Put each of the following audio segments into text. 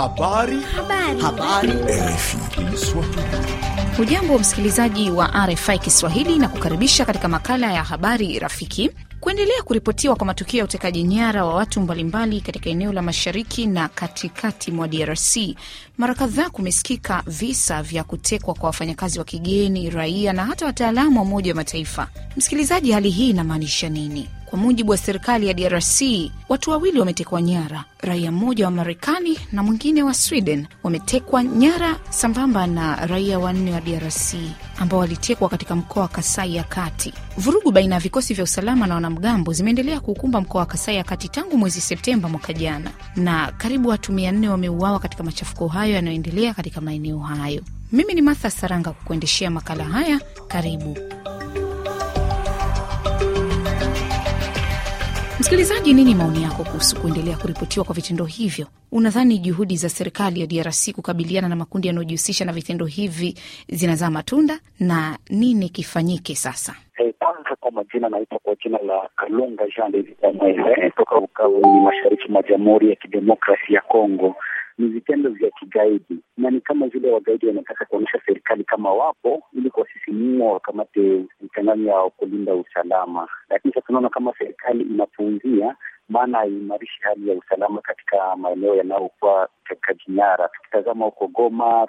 Habari. Habari. Habari. Ujambo wa msikilizaji wa RFI Kiswahili na kukaribisha katika makala ya habari rafiki. Kuendelea kuripotiwa kwa matukio ya utekaji nyara wa watu mbalimbali katika eneo la mashariki na katikati mwa DRC, mara kadhaa kumesikika visa vya kutekwa kwa wafanyakazi wa kigeni, raia na hata wataalamu wa Umoja wa Mataifa. Msikilizaji, hali hii inamaanisha nini? Kwa mujibu wa serikali ya DRC, watu wawili wametekwa nyara, raia mmoja wa Marekani na mwingine wa Sweden wametekwa nyara sambamba na raia wanne wa DRC ambao walitekwa katika mkoa wa Kasai ya Kati. Vurugu baina ya vikosi vya usalama na wanamgambo zimeendelea kuukumba mkoa wa Kasai ya Kati tangu mwezi Septemba mwaka jana, na karibu watu mia nne wameuawa katika machafuko hayo yanayoendelea katika maeneo hayo. Mimi ni Martha Saranga kukuendeshea makala haya. Karibu. Msikilizaji, nini maoni yako kuhusu kuendelea kuripotiwa kwa vitendo hivyo? Unadhani juhudi za serikali ya DRC kukabiliana na makundi yanayojihusisha na vitendo hivi zinazaa matunda na nini kifanyike sasa? Eh, kwanza kwa majina, naitwa kwa jina la kalunga Jean David Mwele toka Ukaweni, mashariki mwa Jamhuri ya Kidemokrasi ya Kongo ni vitendo vya kigaidi, na ni kama vile wagaidi wanataka kuonyesha serikali kama wapo, ili kuwasisimua wakamate mitanganyo ya kulinda usalama. Lakini sasa tunaona kama serikali inapuuzia, maana haiimarishi hali ya usalama katika maeneo yanayokuwa katika jinyara. Tukitazama huko Goma,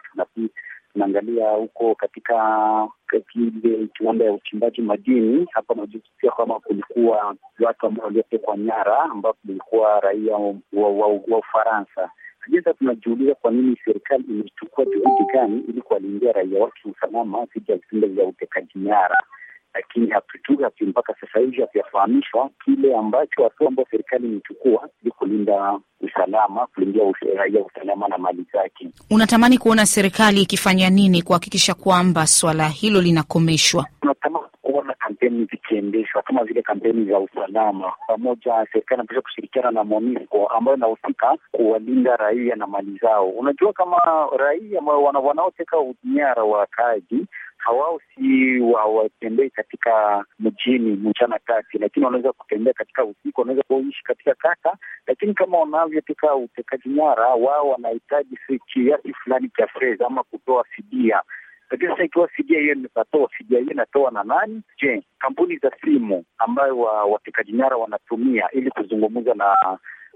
tunaangalia huko katika kile kiwanda ya uchimbaji madini hapa najisikia kwamba kulikuwa watu ambao waliotekwa nyara, ambapo ulikuwa raia wa Ufaransa. Sasa tunajiuliza kwa nini serikali imechukua juhudi gani ili kuwalindia raia wake usalama dhidi ya vitendo vya utekaji nyara, lakini hatujuhapi mpaka sasa hivi hatuyafahamishwa kile ambacho hatua ambayo serikali imechukua ili kulinda usalama, kulindia raia usalama na mali zake. Unatamani kuona serikali ikifanya nini kuhakikisha kwamba swala hilo linakomeshwa? kampeni zikiendeshwa kama vile kampeni za usalama. Pamoja serikali inapaswa kushirikiana na MONUSCO ambayo inahusika kuwalinda raia na mali zao. Unajua, kama raia wanaoteka unyara wa wakaaji hawao si hawatembei katika mjini mchana kati, lakini wanaweza kutembea katika usiku, wanaweza kuishi katika kata, lakini kama wanavyoteka utekaji nyara, wao wanahitaji kiasi fulani cha fedha ama kutoa fidia lakini sasa ikiwa fidia hiyo natoa fidia hiyo inatoa na nani? Je, kampuni za simu ambayo watekaji nyara wanatumia ili kuzungumza na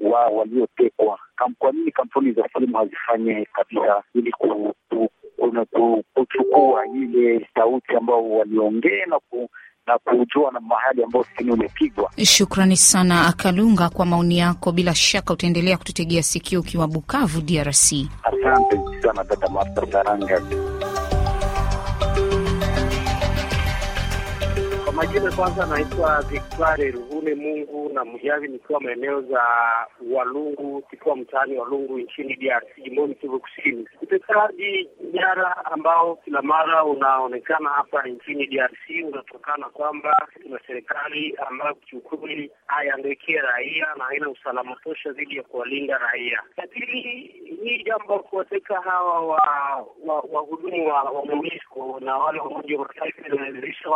wa waliotekwa, kwa nini kampuni za simu hazifanye kabisa ili ku, ku, ku, kuchukua ile sauti ambao waliongea na ku na kujua na mahali ambayo simu imepigwa. Shukrani sana Akalunga kwa maoni yako. Bila shaka utaendelea kututegea sikio ukiwa Bukavu, DRC. Asante sana dada Martha Saranga. majina kwanza, naitwa Victoire Ruhune Mungu na Mjavi, nikiwa maeneo za Walungu, kikiwa mtaani Walungu nchini DRC, jimboni Kivu Kusini. Utekaji nyara ambao kila mara unaonekana hapa nchini DRC unatokana kwamba tuna serikali ambayo kiukweli haiangaikii raia na haina usalama tosha dhidi ya kuwalinda raia. lakini hii jambo kuwateka hawa wahudumu wa wa na wale wa Umoja wa Mataifa inawezesha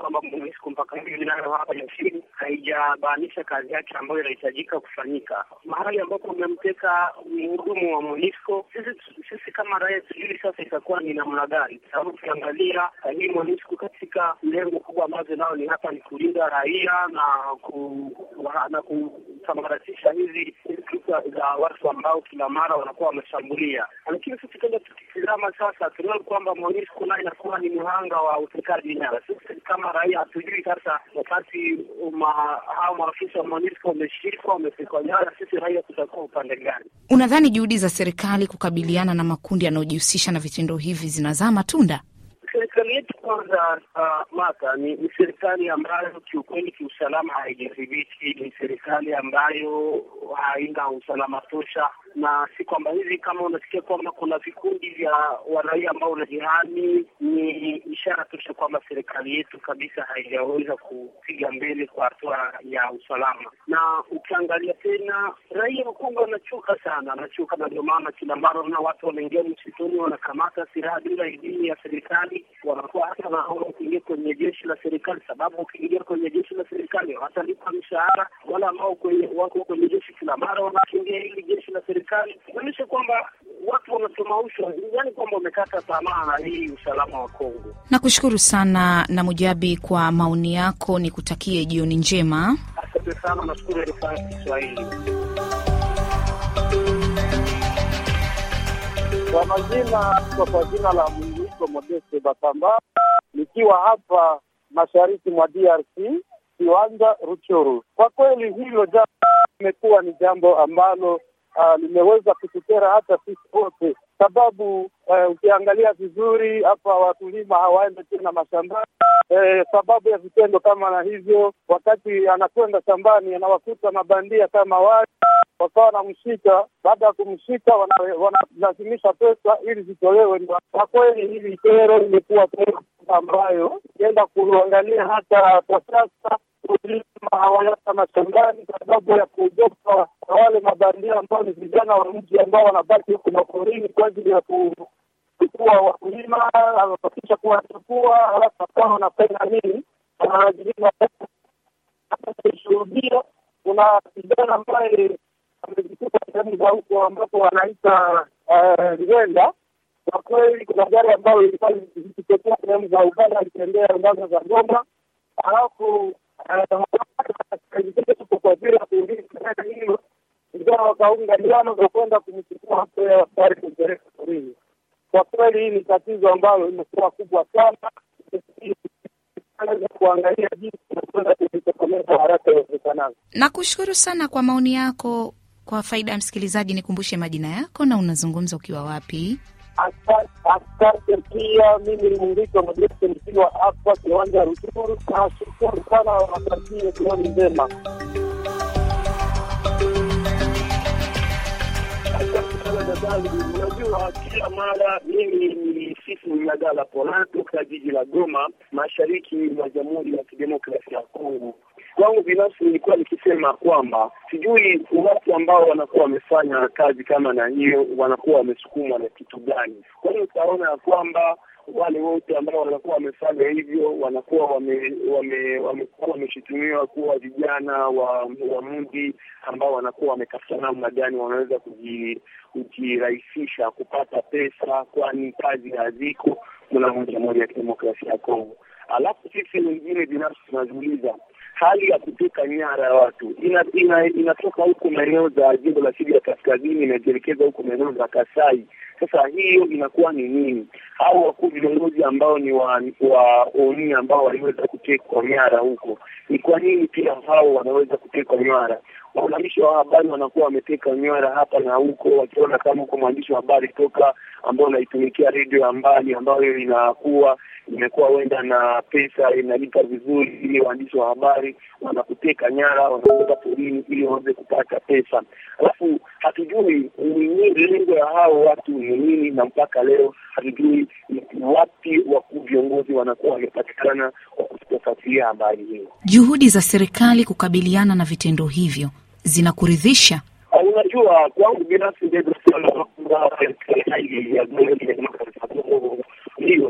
kwamba MONUSCO mpaka hivi nayo hapa nchini haijabainisha kazi yake ambayo inahitajika kufanyika mahali ambapo umemteka mhudumu wa MONUSCO. Sisi, sisi kama raia sijui sasa itakuwa ni namna gani, sababu ukiangalia eh, hii MONUSCO katika lengo kubwa ambazo nao ni hapa ni kulinda raia na ku, na ku kusambaratisha hizi kisa za watu ambao kila mara wanakuwa wameshambulia. Lakini sisi tukienda tukitizama sasa, tunaona kwamba MONUSCO nayo inakuwa ni mhanga wa utekaji nyara. Sisi kama raia hatujui sasa, wakati hao maafisa wa MONUSCO wameshikwa, wametekwa nyara, sisi raia tutakuwa upande gani? Unadhani juhudi za serikali kukabiliana na makundi yanayojihusisha na vitendo hivi zinazaa matunda? serikali yetu kwanza, uh, ah, maka ni, ni serikali ambayo kiukweli kiusalama haijadhibiti. Ni serikali ambayo haina usalama tosha na si kwamba hivi, kama unasikia kwamba kuna vikundi vya waraia ambao wanajihami, ni ishara tosha kwamba serikali yetu kabisa haijaweza kupiga mbele kwa hatua ya usalama. Na ukiangalia tena, raia wa Kongo wanachoka sana, anachuka na ndio maana kila mara na watu wanaingia msituni, wanakamata silaha bila idhini ya serikali, wanakuwa hata na kuingia kwenye jeshi la serikali, sababu ukiingia kwenye jeshi la serikali watalipa mshahara wale ambao wako kwenye jeshi kila mara wanakimbia hili jeshi la serikali, kuonyesha kwamba watu wanatamaushwa, yani kwamba wamekata tamaa na hii usalama wa Kongo. Nakushukuru sana na Mujabi kwa maoni yako, ni kutakie jioni njema. Asante sana, nashukuru rufaa ya Kiswahili. Kwa majina kwa jina la Mwingiso Modeste Batamba, nikiwa hapa mashariki mwa DRC kiwanja Ruchuru. Kwa kweli hilo jambo limekuwa ni jambo ambalo ah, limeweza kutukera hata sisi wote, sababu eh, ukiangalia vizuri hapa wakulima hawaende tena mashambani uh, sababu ya vitendo kama na hivyo. Wakati anakwenda shambani anawakuta mabandia kama wale wakawa wanamshika. Baada ya kumshika, wanalazimisha pesa ili zitolewe. Kwa kweli, hili kero limekuwa kero ambayo ukienda kuangalia hata kwa sasa hawana kama shambani kwa sababu ya kuogopa kwa wale mabandia ambao ni vijana wa mji ambao wanabaki huku maporini kwa ajili ya kuchukua wakulima, kisha kuwachukua, halafu akawa wanafanya nini, wanawajilima. Tulishuhudia kuna kijana ambaye amejikuta sehemu za huko ambapo wanaita eh, Ngwenda. Kwa kweli kuna gari ambayo ilikuwa ikitokea sehemu za Uganda ikiendea ambazo za Goma, alafu wakaunga njama za kwenda kumchukua askari porini. Kwa kweli hii ni tatizo ambalo limekuwa kubwa sana, kuangalia jinsi tunakwenda haraka iwezekanavyo. Nakushukuru sana kwa maoni yako. Kwa faida ya msikilizaji, nikumbushe majina yako na unazungumza ukiwa wapi? Asante pia mimi ni mungiki wa madarasa kiwanja ya Rushuru. Nashukuru sana, watakie jioni njema. Unajua, kila mara mimi ni Sifu Nyagala Pona kutoka jiji la Goma, mashariki mwa Jamhuri ya Kidemokrasia ya Kongo kwangu binafsi nilikuwa nikisema kwamba sijui watu ambao wanakuwa wamefanya kazi kama na hiyo wanakuwa wamesukumwa na kitu gani. Kwa hiyo utaona ya kwamba wale wote ambao wanakuwa wamefanya hivyo wanakuwa wamekuwa wame, wame, wameshitumiwa kuwa vijana wa, wa mji ambao wanakuwa wamekafuta namna gani wanaweza kujirahisisha kupata pesa, kwani kazi haziko muna moja moja ya kidemokrasia ya Kongo. Alafu sisi wengine binafsi tunajiuliza hali ya kuteka nyara ya watu inatoka ina, ina huko maeneo za jimbo la Kivu ya kaskazini inajielekeza huko maeneo za Kasai. Sasa hiyo inakuwa ni nini? Hao wakuu viongozi ambao ni wa, wa oni ambao waliweza kutekwa nyara huko, ni kwa nini pia hao wanaweza kutekwa nyara? Waandishi wa habari wanakuwa wameteka nyara hapa na huko, wakiona kama huko mwandishi wa habari toka ambao unaitumikia redio ya mbali ambayo inakuwa imekuwa wenda na pesa inalipa vizuri, ili waandishi wa habari habari, wanakuteka nyara, wanakuweka porini ili waweze kupata pesa. Alafu hatujui nini lengo ya hao watu ni nini, na mpaka leo hatujui wapi wakuu viongozi wanakuwa wamepatikana kwa kutofuatilia habari hiyo. Juhudi za serikali kukabiliana na vitendo hivyo zinakuridhisha? Ah, unajua, kwangu binafsi ndiyo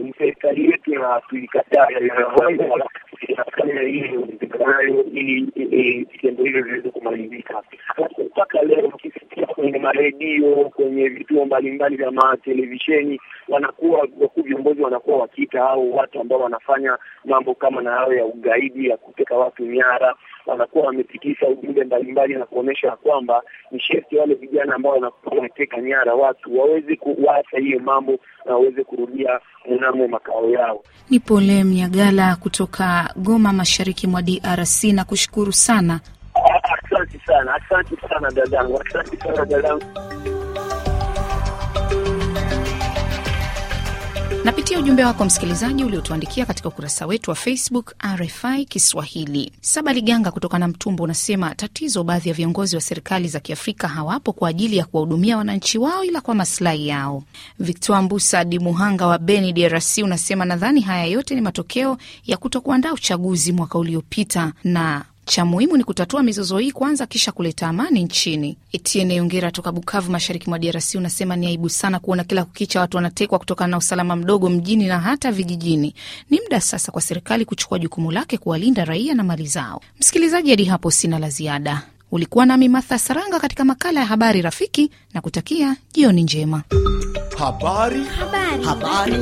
ni serikali yetu na tuikataa ili kitendo hilo liweze kumalizika. Lakini mpaka leo sisi kwenye maredio, kwenye vituo mbalimbali vya matelevisheni, wanakuwa wakuu viongozi wanakuwa wakiita au watu ambao wanafanya mambo kama na hayo ya ugaidi ya kuteka watu nyara, wanakuwa wametikisa ujumbe mbalimbali na kuonesha kwamba ni sherti wale vijana ambao wanakuwa wameteka nyara watu waweze kuwacha hiyo mambo na waweze kurudia mnamo makao yao. Ni Pole Mnyagala kutoka Goma, mashariki mwa DRC, na kushukuru sana sana, asante sana dadangu, asante sana dadangu. Napitia ujumbe wako msikilizaji uliotuandikia katika ukurasa wetu wa Facebook RFI Kiswahili. Saba Liganga kutoka na Mtumbo unasema tatizo, baadhi ya viongozi wa serikali za Kiafrika hawapo kwa ajili ya kuwahudumia wananchi wao ila kwa masilahi yao. Victor Mbusa Di Muhanga wa Beni, DRC unasema nadhani haya yote ni matokeo ya kutokuandaa uchaguzi mwaka uliopita na cha muhimu ni kutatua mizozo hii kwanza, kisha kuleta amani nchini. Etienne Yongera toka Bukavu, mashariki mwa DRC, unasema ni aibu sana kuona kila kukicha watu wanatekwa kutokana na usalama mdogo mjini na hata vijijini. Ni muda sasa kwa serikali kuchukua jukumu lake kuwalinda raia na mali zao. Msikilizaji, hadi hapo sina la ziada. Ulikuwa nami Matha Saranga katika makala ya Habari Rafiki na kutakia jioni njema. Habari. Habari. Habari.